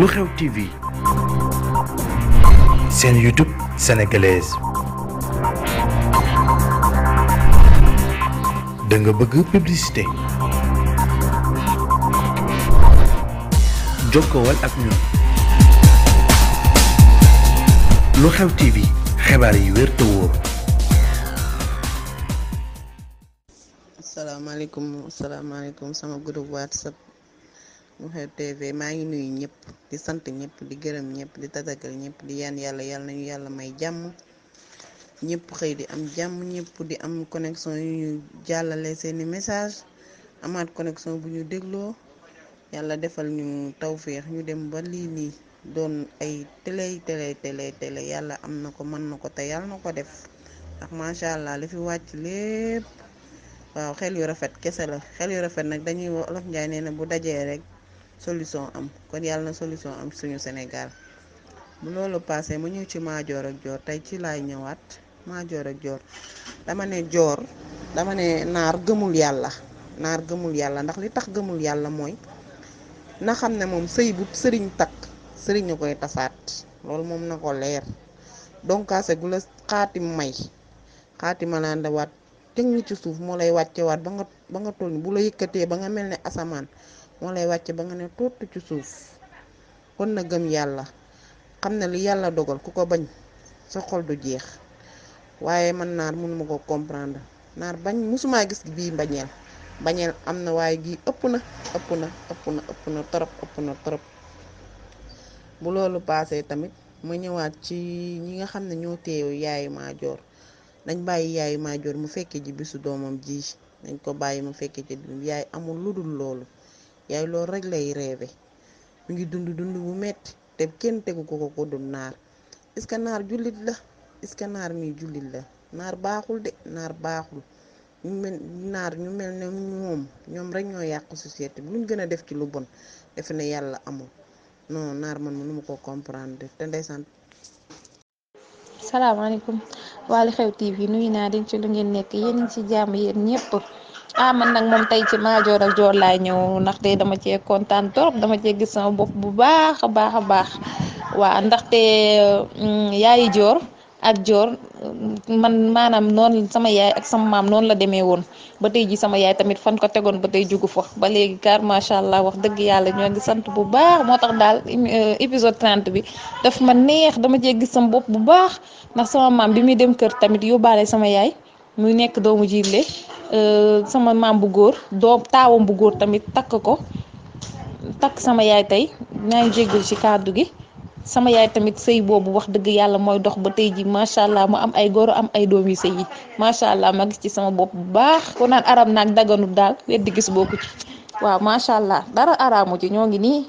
lu xew TV seen YouTube sénégalaise da bëgg publicité jokkowal ak ñun lu xew TV xibaar yi wér te wóor. asalaamaaleykum asalaamaaleykum sama groupe WhatsApp lu xew TV maa ngi nuyu ñëpp. di sant ñëpp di gërëm ñëpp di tatagal ñëpp di yaan yàlla yàlla nañu yàlla may jàmm ñëpp xëy di am jàmm ñëpp di am connexion yu ñu jàllale seeni message amaat connexion bu ñu dégloo yàlla defal ñu tawféex ñu dem ba lii nii doon ay télé télé télé yàlla am na ko mën na ko te yàlla na ko def ndax macha allah li fi wàcc lépp waaw xel yu rafet kese la xel yu rafet nag dañuy Wolof Njaay nee bu dajee rek solution am kon yàlla na solution am suñu Sénégal bu loolu passé ma ñëw ci maajoor ak joor tey ci laay ñëwaat maajoor ak joor dama ne joor dama ne naar gëmul yàlla naar gëmul yàlla ndax li tax gëmul yàlla mooy na xam ne moom sëy bu sëriñ takk sëriñ a koy tasaat loolu moom na ko leer donc kaase gu la xaatim may xaatima laan la waat teg ni ci suuf moo lay wàcce waat ba nga ba nga toll bu la yëkkatee ba nga mel ne asamaan moo lay wàcce ba nga ne tuut ci suuf kon na gëm yàlla xam na li yàlla dogal ku ko bañ sa xol du jeex waaye man naar mënuma ko comprendre naar bañ mosumaa gis bii mbañeel mbañeel am na waaye gii ëpp na ëpp na ëpp na ëpp na torop ëpp na torop bu loolu paasee tamit ma ñëwaat ci ñi nga xam ne ñoo teew yaayu maajoor dañ bàyyi yaayu maajoor mu fekkee ji bisu doomam ji dañ ko bàyyi mu fekkee ji yaay amul lu dul loolu yaay loolu rek lay reebe mu ngi dund dund bu metti te kenn tegu ko ko ko dul naar est que naar jullit la est-ce naar mi jullit la naar baaxul de naar baaxul ñu naar ñu mel ne moom ñoom rek ñoo yàqu société bi luñ gën a def ci lu bon defe ne yàlla amul non naar man nu ma ko comprendre te ndeysaan salaamaaleykum Wally Xew TV nuyu naa leen lu ngeen nekk yéen ci jàmm yéen ñëpp ah man moom tey ci Madior ak joor laay ñëw ndaxte dama cee kontaan trop dama cee gis sama bopp bu baax a baax a baax waaw ndaxte mm, yaayi joor ak joor mm, man maanaam noonu sama yaay ak sama maam noonu la demee woon ba tey ji sama yaay tamit fan ko tegoon ba tey jugu fa ba léegi car macha allah wax dëgg yàlla ñoo ngi sant bu baax moo tax daal euh, épisode 30 bi daf ma neex dama cee gis sama bopp bu baax ndax sama maam bi muy dem kër tamit yóbbaale sama yaay. muy nekk doomu jible euh, sama maam bu góor doom taawam bu góor tamit takk ko takk sama yaay tey naa ngi jéggul ci kàddu gi sama yaay tamit sëy boobu wax dëgg yàlla mooy dox ba tey ji macha allah mu am ay goro am ay doom yu sëy yi macha allah ma gis ci sama bopp bu baax ko naan arab naag daganu daal weddi gis bokku ci waaw macha allah dara araamu ci ñoo ngi nii